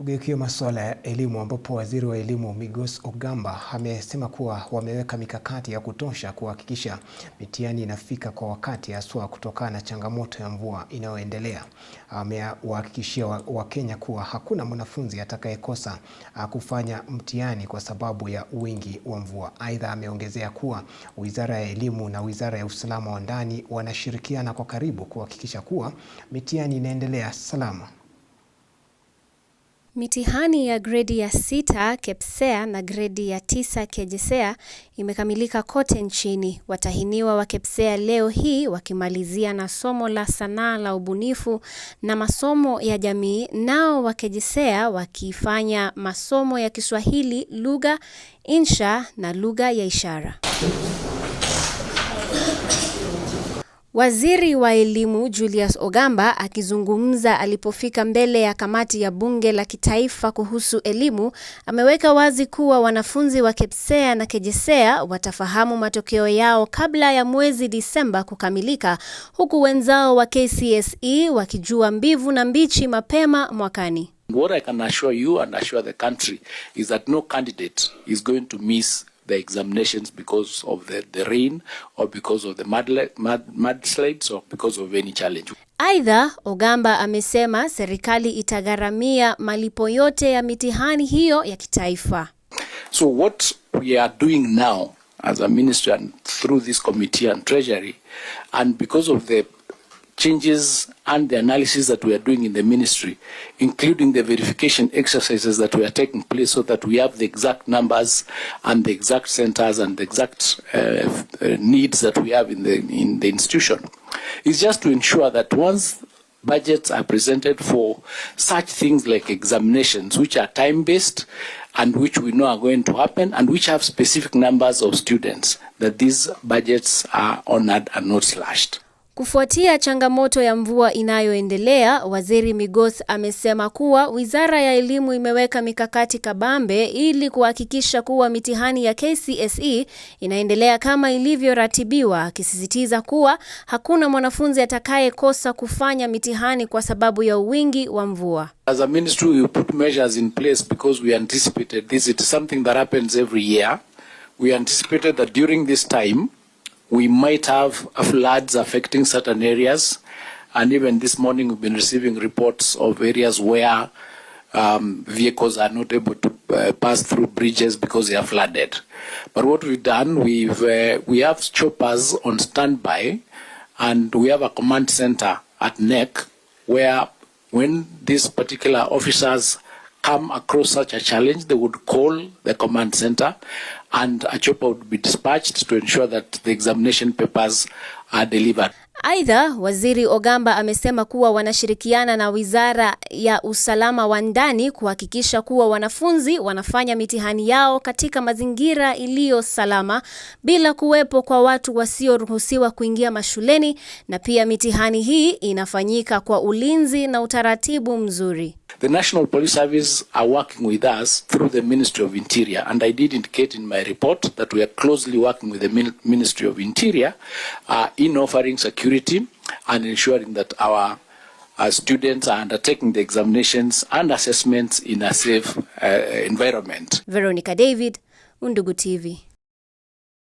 Tugeukie masuala ya elimu ambapo waziri wa elimu Migos Ogamba amesema kuwa wameweka mikakati ya kutosha kuhakikisha mitihani inafika kwa wakati haswa kutokana na changamoto ya mvua inayoendelea. Amewahakikishia Wakenya kuwa hakuna mwanafunzi atakayekosa ah, kufanya mtihani kwa sababu ya wingi wa mvua. Aidha, ameongezea kuwa Wizara ya Elimu na Wizara ya Usalama wa Ndani wanashirikiana kwa karibu kuhakikisha kuwa mitihani inaendelea salama. Mitihani ya gredi ya sita KPSEA na gredi ya tisa KJSEA imekamilika kote nchini. Watahiniwa wa KPSEA leo hii wakimalizia na somo la sanaa la ubunifu na masomo ya jamii, nao wa KJSEA wakifanya masomo ya Kiswahili, lugha, insha na lugha ya ishara. Waziri wa Elimu Julius Ogamba akizungumza alipofika mbele ya kamati ya bunge la kitaifa kuhusu elimu ameweka wazi kuwa wanafunzi wa KPSEA na KJSEA watafahamu matokeo yao kabla ya mwezi Disemba kukamilika huku wenzao wa KCSE wakijua mbivu na mbichi mapema mwakani. What I can assure you and assure the country is that no candidate is going to miss the examinations because of the, the rain or because of the mudslides mud, mud or because of any challenge. Aidha, Ogamba amesema serikali itagharamia malipo yote ya mitihani hiyo ya kitaifa. So what we are doing now as a ministry and through this committee and treasury and because of the changes and the analysis that we are doing in the ministry, including the verification exercises that we are taking place so that we have the exact numbers and the exact centers and the exact uh, uh needs that we have in the, in the institution, is just to ensure that once budgets are presented for such things like examinations, which are time-based and which we know are going to happen and which have specific numbers of students, that these budgets are honored and not slashed. Kufuatia changamoto ya mvua inayoendelea, Waziri Migos amesema kuwa Wizara ya Elimu imeweka mikakati kabambe ili kuhakikisha kuwa mitihani ya KCSE inaendelea kama ilivyoratibiwa, akisisitiza kuwa hakuna mwanafunzi atakayekosa kufanya mitihani kwa sababu ya wingi wa mvua. As a ministry we put measures in place because we anticipated this. It's something that happens every year. We anticipated that during this time we might have floods affecting certain areas. And even this morning, we've been receiving reports of areas where um, vehicles are not able to uh, pass through bridges because they are flooded. But what we've done, we've uh, we have choppers on standby, and we have a command center at NEC where when these particular officers come across such a challenge, they would call the command center and a chopper would be dispatched to ensure that the examination papers are delivered. Aidha, Waziri Ogamba amesema kuwa wanashirikiana na Wizara ya Usalama wa Ndani kuhakikisha kuwa wanafunzi wanafanya mitihani yao katika mazingira iliyo salama bila kuwepo kwa watu wasioruhusiwa kuingia mashuleni na pia mitihani hii inafanyika kwa ulinzi na utaratibu mzuri. The National Police Service are working with us through the Ministry of Interior and I did indicate in my I report that we are closely working with the Ministry of Interior uh, in offering security and ensuring that our uh, students are undertaking the examinations and assessments in a safe uh, environment. Veronica David, Undugu TV.